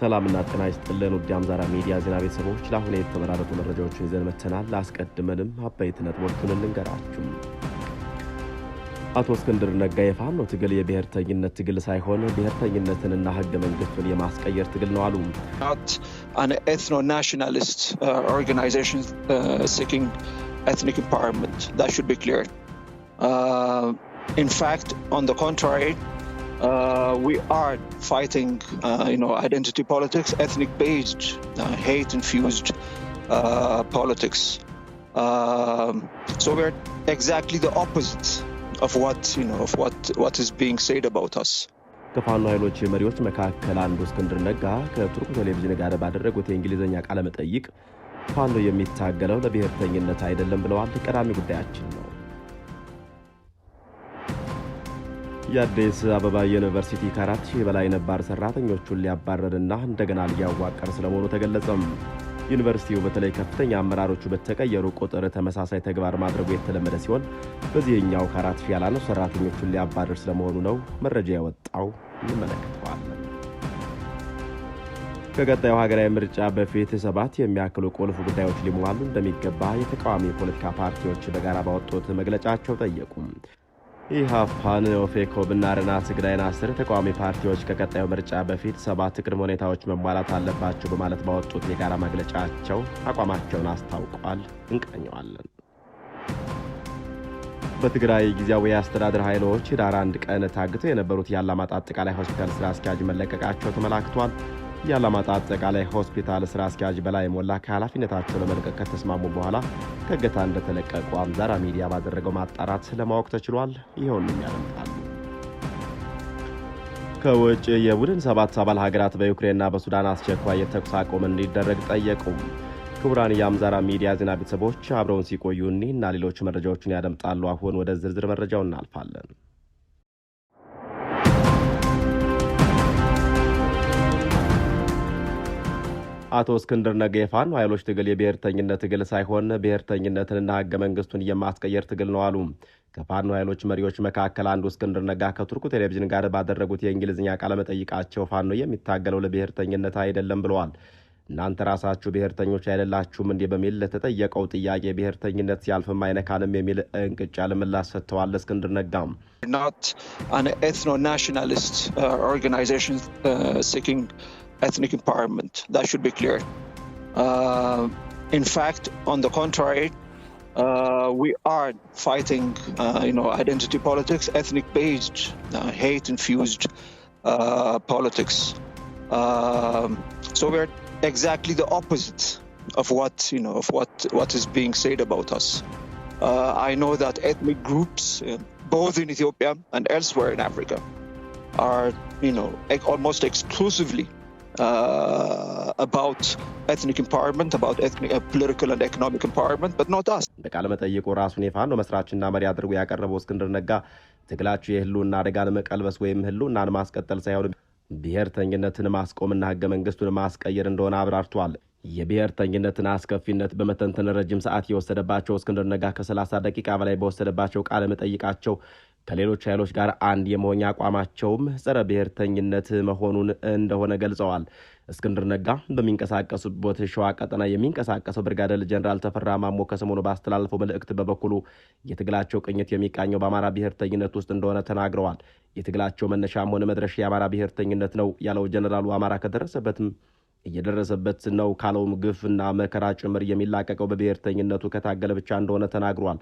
ሰላምና ጤና ይስጥልን ውድ አምዛራ ሚዲያ ዜና ቤተሰቦች፣ ለአሁን የተመራረጡ መረጃዎችን ይዘን መተናል። አስቀድመንም አበይት ነጥቦችን እንንገራችሁ። አቶ እስክንድር ነጋ የፋኖ ትግል የብሔርተኝነት ትግል ሳይሆን ብሔርተኝነትንና ህገ መንግስቱን የማስቀየር ትግል ነው አሉ። ኤትኖ ናሽናሊስት ኦርጋናይዜሽን ሲኪንግ ኤትኒክ ኢምፓወርመንት Uh, we are fighting, uh, you know, identity politics, ethnic-based, uh, hate-infused uh, politics. Um, so we're exactly the opposite of what you know of what what is being said about us. ከፋኖ ኃይሎች መሪዎች መካከል አንዱ እስክንድር ነጋ ከቱርክ ቴሌቪዥን ጋር ባደረጉት የእንግሊዝኛ ቃለ መጠይቅ ፋኖ የሚታገለው ለብሔርተኝነት አይደለም ብለዋል። ቀዳሚ ጉዳያችን ነው። የአዲስ አበባ ዩኒቨርሲቲ ከአራት ሺህ በላይ ነባር ሰራተኞቹን ሊያባረርና እንደገና ሊያዋቀር ስለመሆኑ ተገለጸም። ዩኒቨርሲቲው በተለይ ከፍተኛ አመራሮቹ በተቀየሩ ቁጥር ተመሳሳይ ተግባር ማድረጉ የተለመደ ሲሆን በዚህኛው ከአራት ሺህ ያላነሱ ሰራተኞቹን ሊያባረር ስለመሆኑ ነው መረጃ የወጣው። እንመለከተዋለን። ከቀጣዩ ሀገራዊ ምርጫ በፊት ሰባት የሚያክሉ ቁልፍ ጉዳዮች ሊሟሉ እንደሚገባ የተቃዋሚ የፖለቲካ ፓርቲዎች በጋራ ባወጡት መግለጫቸው ጠየቁም። ኢሃፓን ብና ርና ትግራይን አስር ተቃዋሚ ፓርቲዎች ከቀጣዩ ምርጫ በፊት ሰባት ቅድመ ሁኔታዎች መሟላት አለባቸው በማለት ባወጡት የጋራ መግለጫቸው አቋማቸውን አስታውቋል። እንቃኘዋለን። በትግራይ ጊዜያዊ የአስተዳደር ኃይሎች ኅዳር አንድ ቀን ታግተው የነበሩት የአላማጣ አጠቃላይ ሆስፒታል ስራ አስኪያጅ መለቀቃቸው ተመላክቷል። የአላማጣ አጠቃላይ ሆስፒታል ስራ አስኪያጅ በላይ ሞላ ከኃላፊነታቸው ለመልቀቅ ከተስማሙ በኋላ ከእገታ እንደተለቀቁ አምዛራ ሚዲያ ባደረገው ማጣራት ለማወቅ ተችሏል። ይኸውን ያደምጣሉ። ከውጭ የቡድን ሰባት አባል ሀገራት በዩክሬንና በሱዳን አስቸኳይ የተኩስ አቁም እንዲደረግ ጠየቁ። ክቡራን የአምዛራ ሚዲያ ዜና ቤተሰቦች አብረውን ሲቆዩ እኒህና ሌሎች መረጃዎችን ያደምጣሉ። አሁን ወደ ዝርዝር መረጃው እናልፋለን። አቶ እስክንድር ነጋ የፋኖ ኃይሎች ትግል የብሔርተኝነት ትግል ሳይሆን ብሔርተኝነትንና ህገ መንግስቱን የማስቀየር ትግል ነው አሉ። ከፋኖ ኃይሎች መሪዎች መካከል አንዱ እስክንድር ነጋ ከቱርኩ ቴሌቪዥን ጋር ባደረጉት የእንግሊዝኛ ቃለመጠይቃቸው ፋኖ የሚታገለው ለብሔርተኝነት አይደለም ብለዋል። እናንተ ራሳችሁ ብሔርተኞች አይደላችሁም እንዲህ በሚል ለተጠየቀው ጥያቄ ብሔርተኝነት ሲያልፍም አይነካንም የሚል እንቅጭ ያለ ምላሽ ሰጥተዋል። እስክንድር ነጋም not an ethno-nationalist uh, organization uh, seeking ethnic empowerment. That should be clear. Uh, in fact, on the contrary, uh, we are fighting, uh, you know, identity politics, ethnic-based, uh, hate-infused uh, politics. Um, so we're exactly the opposite of what you know of what what is being said about us. Uh, I know that ethnic groups, both in Ethiopia and elsewhere in Africa, are you know almost exclusively Uh, about ethnic empowerment, about ethnic, uh, political and economic empowerment, but not us. በቃለ መጠይቁ ራሱን የፋኖ መስራችና መሪ አድርጎ ያቀረበው እስክንድር ነጋ ትግላችሁ የህልውና አደጋን መቀልበስ ወይም ህልውናን ማስቀጠል ሳይሆን ብሔርተኝነትን ማስቆምና ህገ መንግስቱን ማስቀየር እንደሆነ አብራርቷል። የብሔርተኝነትን አስከፊነት በመተንተን ረጅም ሰዓት የወሰደባቸው እስክንድር ነጋ ከ30 ደቂቃ በላይ በወሰደባቸው ቃለ መጠይቃቸው ከሌሎች ኃይሎች ጋር አንድ የመሆኛ አቋማቸውም ጸረ ብሔርተኝነት መሆኑን እንደሆነ ገልጸዋል። እስክንድር ነጋ በሚንቀሳቀሱበት ሸዋ ቀጠና የሚንቀሳቀሰው ብርጋዴር ጀኔራል ተፈራ ማሞ ከሰሞኑ ባስተላለፈው መልእክት በበኩሉ የትግላቸው ቅኝት የሚቃኘው በአማራ ብሔርተኝነት ውስጥ እንደሆነ ተናግረዋል። የትግላቸው መነሻም ሆነ መድረሻ የአማራ ብሔርተኝነት ነው ያለው ጀኔራሉ አማራ ከደረሰበትም እየደረሰበት ነው ካለውም ግፍና መከራ ጭምር የሚላቀቀው በብሔርተኝነቱ ከታገለ ብቻ እንደሆነ ተናግሯል።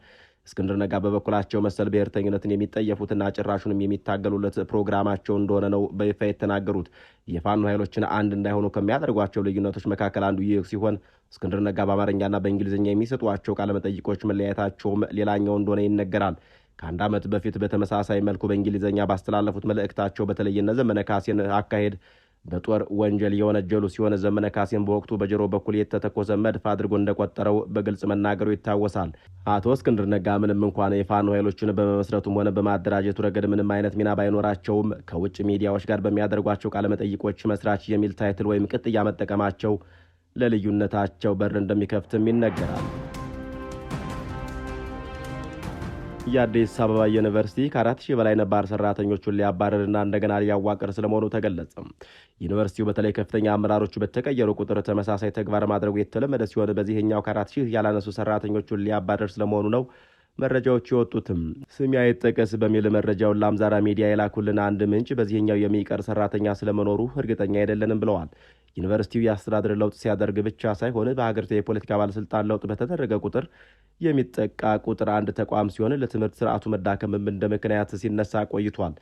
እስክንድር ነጋ በበኩላቸው መሰል ብሔርተኝነትን የሚጠየፉትና ጭራሹንም የሚታገሉለት ፕሮግራማቸው እንደሆነ ነው በይፋ የተናገሩት። የፋኖ ኃይሎችን አንድ እንዳይሆኑ ከሚያደርጓቸው ልዩነቶች መካከል አንዱ ይህ ሲሆን እስክንድር ነጋ በአማርኛና በእንግሊዝኛ የሚሰጧቸው ቃለመጠይቆች መለያየታቸውም ሌላኛው እንደሆነ ይነገራል። ከአንድ ዓመት በፊት በተመሳሳይ መልኩ በእንግሊዝኛ ባስተላለፉት መልእክታቸው በተለይ እነ ዘመነ ካሴን አካሄድ በጦር ወንጀል የወነጀሉ ሲሆን ዘመነ ካሴም በወቅቱ በጆሮ በኩል የተተኮሰ መድፍ አድርጎ እንደቆጠረው በግልጽ መናገሩ ይታወሳል። አቶ እስክንድር ነጋ ምንም እንኳን የፋኖ ኃይሎችን በመመስረቱም ሆነ በማደራጀቱ ረገድ ምንም አይነት ሚና ባይኖራቸውም ከውጭ ሚዲያዎች ጋር በሚያደርጓቸው ቃለመጠይቆች መስራች የሚል ታይትል ወይም ቅጥያ መጠቀማቸው ለልዩነታቸው በር እንደሚከፍትም ይነገራል። የአዲስ አበባ ዩኒቨርሲቲ ከአራት ሺህ በላይ ነባር ሰራተኞቹን ሊያባረርና እንደገና ሊያዋቅር ስለመሆኑ ተገለጸ። ዩኒቨርሲቲው በተለይ ከፍተኛ አመራሮቹ በተቀየሩ ቁጥር ተመሳሳይ ተግባር ማድረጉ የተለመደ ሲሆን በዚህኛው ከአራት ሺህ ያላነሱ ሰራተኞቹን ሊያባረር ስለመሆኑ ነው መረጃዎች የወጡትም ስም አይጠቀስ በሚል መረጃውን ለአምዛራ ሚዲያ የላኩልን አንድ ምንጭ በዚህኛው የሚቀር ሰራተኛ ስለመኖሩ እርግጠኛ አይደለንም ብለዋል። ዩኒቨርሲቲው የአስተዳደር ለውጥ ሲያደርግ ብቻ ሳይሆን በሀገሪቱ የፖለቲካ ባለስልጣን ለውጥ በተደረገ ቁጥር የሚጠቃ ቁጥር አንድ ተቋም ሲሆን ለትምህርት ስርዓቱ መዳከምም እንደ ምክንያት ሲነሳ ቆይቷል።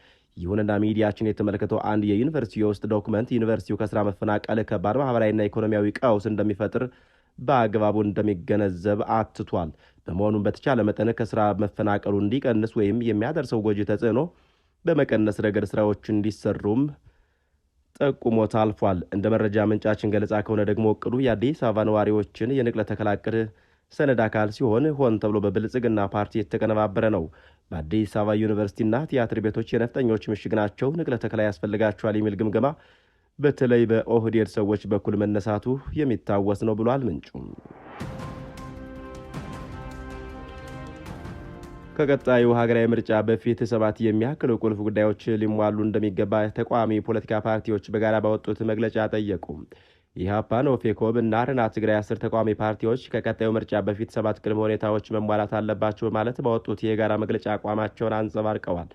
ይሁንና ሚዲያችን የተመለከተው አንድ የዩኒቨርሲቲ የውስጥ ዶክመንት ዩኒቨርሲቲው ከስራ መፈናቀል ከባድ ማህበራዊና ኢኮኖሚያዊ ቀውስ እንደሚፈጥር በአግባቡ እንደሚገነዘብ አትቷል። በመሆኑም በተቻለ መጠን ከስራ መፈናቀሉ እንዲቀንስ ወይም የሚያደርሰው ጎጂ ተጽዕኖ በመቀነስ ረገድ ስራዎች እንዲሰሩም ጠቁሞት አልፏል። እንደ መረጃ ምንጫችን ገለጻ ከሆነ ደግሞ እቅዱ የአዲስ አበባ ነዋሪዎችን የንቅለ ተከላ እቅድ ሰነድ አካል ሲሆን ሆን ተብሎ በብልጽግና ፓርቲ የተቀነባበረ ነው። በአዲስ አበባ ዩኒቨርሲቲና ቲያትር ቤቶች የነፍጠኞች ምሽግ ናቸው፣ ንቅለ ተከላ ያስፈልጋቸዋል የሚል ግምገማ በተለይ በኦህዴድ ሰዎች በኩል መነሳቱ የሚታወስ ነው ብሏል ምንጩ። ከቀጣዩ ሀገራዊ ምርጫ በፊት ሰባት የሚያክሉ ቁልፍ ጉዳዮች ሊሟሉ እንደሚገባ ተቃዋሚ ፖለቲካ ፓርቲዎች በጋራ ባወጡት መግለጫ ጠየቁ። ኢህአፓ፣ ኦፌኮብ እና አረና ትግራይ አስር ተቃዋሚ ፓርቲዎች ከቀጣዩ ምርጫ በፊት ሰባት ቅድመ ሁኔታዎች መሟላት አለባቸው በማለት ባወጡት የጋራ መግለጫ አቋማቸውን አንጸባርቀዋል።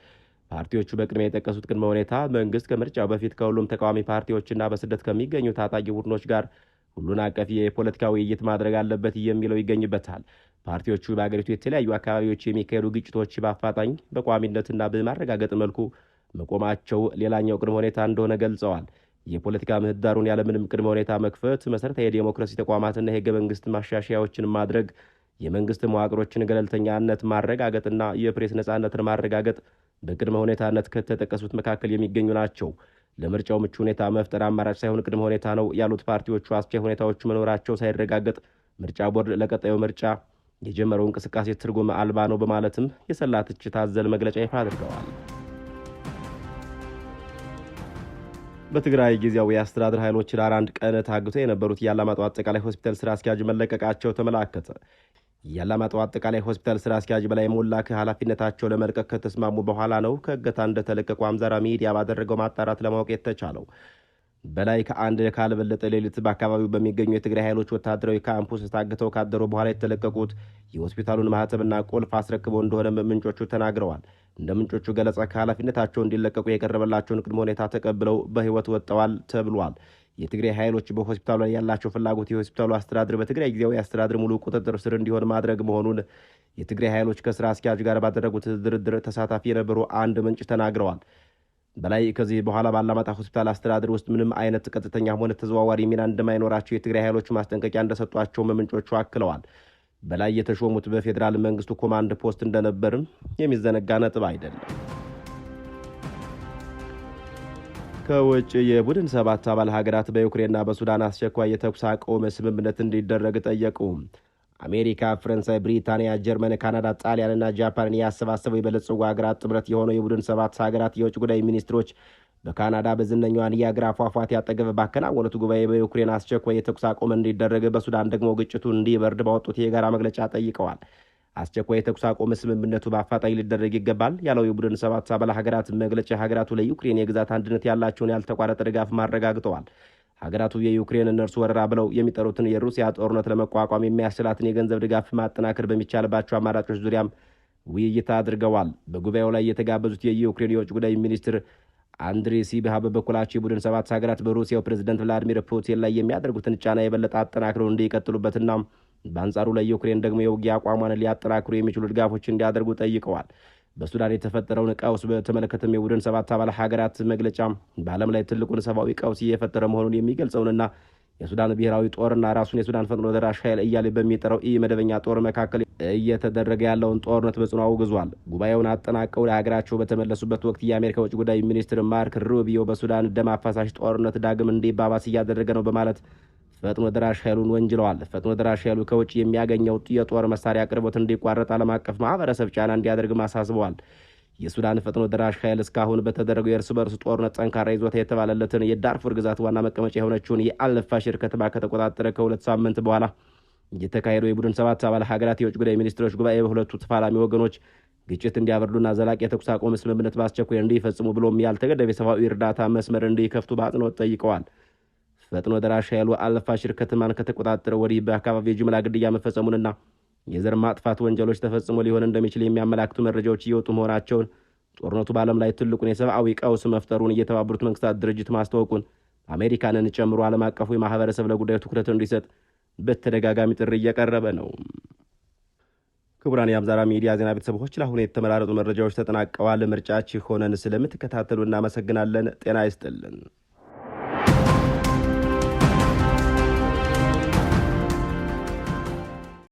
ፓርቲዎቹ በቅድሚያ የጠቀሱት ቅድመ ሁኔታ መንግስት ከምርጫው በፊት ከሁሉም ተቃዋሚ ፓርቲዎችና በስደት ከሚገኙ ታጣቂ ቡድኖች ጋር ሁሉን አቀፍ የፖለቲካ ውይይት ማድረግ አለበት የሚለው ይገኝበታል። ፓርቲዎቹ በአገሪቱ የተለያዩ አካባቢዎች የሚካሄዱ ግጭቶች በአፋጣኝ በቋሚነትና በማረጋገጥ መልኩ መቆማቸው ሌላኛው ቅድመ ሁኔታ እንደሆነ ገልጸዋል። የፖለቲካ ምህዳሩን ያለምንም ቅድመ ሁኔታ መክፈት፣ መሠረታዊ የዴሞክራሲ ተቋማትና የህገ መንግስት ማሻሻያዎችን ማድረግ፣ የመንግስት መዋቅሮችን ገለልተኛነት ማረጋገጥና የፕሬስ ነፃነትን ማረጋገጥ በቅድመ ሁኔታነት ከተጠቀሱት መካከል የሚገኙ ናቸው። ለምርጫው ምቹ ሁኔታ መፍጠር አማራጭ ሳይሆን ቅድመ ሁኔታ ነው ያሉት ፓርቲዎቹ አስቻይ ሁኔታዎቹ መኖራቸው ሳይረጋገጥ ምርጫ ቦርድ ለቀጣዩ ምርጫ የጀመረው እንቅስቃሴ ትርጉም አልባ ነው በማለትም የሰላ ትችት አዘል መግለጫ ይፋ አድርገዋል። በትግራይ ጊዜያዊ የአስተዳደር ኃይሎች ለአንድ ቀን ታግቶ የነበሩት የአላማጣው አጠቃላይ ሆስፒታል ስራ አስኪያጅ መለቀቃቸው ተመላከተ። የአላማጣው አጠቃላይ ሆስፒታል ስራ አስኪያጅ በላይ ሞላ ከኃላፊነታቸው ለመልቀቅ ከተስማሙ በኋላ ነው ከእገታ እንደተለቀቁ አምዛራ ሚዲያ ባደረገው ማጣራት ለማወቅ የተቻለው። በላይ ከአንድ ካልበለጠ ሌሊት በአካባቢው በሚገኙ የትግራይ ኃይሎች ወታደራዊ ካምፕ ውስጥ ታግተው ካደሩ በኋላ የተለቀቁት የሆስፒታሉን ማህተምና ቁልፍ አስረክበው እንደሆነ ምንጮቹ ተናግረዋል። እንደ ምንጮቹ ገለጻ ከኃላፊነታቸው እንዲለቀቁ የቀረበላቸውን ቅድመ ሁኔታ ተቀብለው በህይወት ወጥተዋል ተብሏል። የትግራይ ኃይሎች በሆስፒታሉ ላይ ያላቸው ፍላጎት የሆስፒታሉ አስተዳደር በትግራይ ጊዜያዊ አስተዳደር ሙሉ ቁጥጥር ስር እንዲሆን ማድረግ መሆኑን የትግራይ ኃይሎች ከስራ አስኪያጅ ጋር ባደረጉት ድርድር ተሳታፊ የነበሩ አንድ ምንጭ ተናግረዋል። በላይ ከዚህ በኋላ ባላማጣ ሆስፒታል አስተዳደር ውስጥ ምንም አይነት ቀጥተኛ ሆነ ተዘዋዋሪ ሚና እንደማይኖራቸው የትግራይ ኃይሎች ማስጠንቀቂያ እንደሰጧቸው ምንጮቹ አክለዋል። በላይ የተሾሙት በፌዴራል መንግስቱ ኮማንድ ፖስት እንደነበርም የሚዘነጋ ነጥብ አይደለም። ከውጭ የቡድን ሰባት አባል ሀገራት በዩክሬንና በሱዳን አስቸኳይ የተኩስ አቆመ ስምምነት እንዲደረግ ጠየቁ። አሜሪካ፣ ፈረንሳይ፣ ብሪታንያ፣ ጀርመን፣ ካናዳ፣ ጣሊያንና ጃፓንን ያሰባሰበው የበለጸጉ ሀገራት ጥምረት የሆነው የቡድን ሰባት ሀገራት የውጭ ጉዳይ ሚኒስትሮች በካናዳ በዝነኛዋን ኒያጋራ ፏፏቴ አጠገብ ባከናወኑት ጉባኤ በዩክሬን አስቸኳይ የተኩስ አቆመ እንዲደረግ፣ በሱዳን ደግሞ ግጭቱ እንዲበርድ ባወጡት የጋራ መግለጫ ጠይቀዋል። አስቸኳይ የተኩስ አቆም ስምምነቱ በአፋጣኝ ሊደረግ ይገባል ያለው የቡድን ሰባት አባል ሀገራት መግለጫ ሀገራቱ ለዩክሬን የግዛት አንድነት ያላቸውን ያልተቋረጠ ድጋፍ ማረጋግጠዋል። ሀገራቱ የዩክሬን እነርሱ ወረራ ብለው የሚጠሩትን የሩሲያ ጦርነት ለመቋቋም የሚያስችላትን የገንዘብ ድጋፍ ማጠናከር በሚቻልባቸው አማራጮች ዙሪያም ውይይት አድርገዋል። በጉባኤው ላይ የተጋበዙት የዩክሬን የውጭ ጉዳይ ሚኒስትር አንድሬ ሲቢሃ በበኩላቸው የቡድን ሰባት ሀገራት በሩሲያው ፕሬዚደንት ቭላዲሚር ፑቲን ላይ የሚያደርጉትን ጫና የበለጠ አጠናክረው እንዲቀጥሉበትና በአንጻሩ ለዩክሬን ደግሞ የውጊያ አቋሟን ሊያጠናክሩ የሚችሉ ድጋፎች እንዲያደርጉ ጠይቀዋል። በሱዳን የተፈጠረውን ቀውስ በተመለከተም የቡድን ሰባት አባል ሀገራት መግለጫ በዓለም ላይ ትልቁን ሰብአዊ ቀውስ እየፈጠረ መሆኑን የሚገልጸውንና የሱዳን ብሔራዊ ጦርና ራሱን የሱዳን ፈጥኖ ደራሽ ኃይል እያለ በሚጠራው ኢ መደበኛ ጦር መካከል እየተደረገ ያለውን ጦርነት በጽኑ አውግዟል። ጉባኤውን አጠናቀው ለሀገራቸው በተመለሱበት ወቅት የአሜሪካ ውጭ ጉዳይ ሚኒስትር ማርክ ሩቢዮ በሱዳን ደም አፋሳሽ ጦርነት ዳግም እንዲባባስ እያደረገ ነው በማለት ፈጥኖ ደራሽ ኃይሉን ወንጅለዋል። ፈጥኖ ደራሽ ኃይሉ ከውጭ የሚያገኘው የጦር መሳሪያ አቅርቦት እንዲቋረጥ ዓለም አቀፍ ማህበረሰብ ጫና እንዲያደርግ አሳስበዋል። የሱዳን ፈጥኖ ደራሽ ኃይል እስካሁን በተደረገው የእርስ በርስ ጦርነት ጠንካራ ይዞታ የተባለለትን የዳርፉር ግዛት ዋና መቀመጫ የሆነችውን የአልፋሽር ከተማ ከተቆጣጠረ ከሁለት ሳምንት በኋላ የተካሄደው የቡድን ሰባት አባል ሀገራት የውጭ ጉዳይ ሚኒስትሮች ጉባኤ በሁለቱ ተፋላሚ ወገኖች ግጭት እንዲያበርዱና ዘላቂ የተኩስ አቁም ስምምነት በአስቸኳይ እንዲፈጽሙ ብሎም ያልተገደበ የሰብአዊ እርዳታ መስመር እንዲከፍቱ በአጽንኦት ጠይቀዋል። ፈጥኖ ደራሽ ኃይሉ አልፋሽር ከተማን ከተቆጣጠረ ወዲህ በአካባቢ የጅምላ ግድያ መፈጸሙንና የዘር ማጥፋት ወንጀሎች ተፈጽሞ ሊሆን እንደሚችል የሚያመላክቱ መረጃዎች እየወጡ መሆናቸውን ጦርነቱ በዓለም ላይ ትልቁን የሰብአዊ ቀውስ መፍጠሩን የተባበሩት መንግስታት ድርጅት ማስታወቁን አሜሪካንን ጨምሮ ዓለም አቀፉ የማህበረሰብ ለጉዳዩ ትኩረት እንዲሰጥ በተደጋጋሚ ጥሪ እየቀረበ ነው። ክቡራን የአምዛራ ሚዲያ ዜና ቤተሰቦች ለአሁኑ የተመራረጡ መረጃዎች ተጠናቀዋል። ምርጫችሁ ሆነን ስለምትከታተሉ እናመሰግናለን። ጤና ይስጥልን።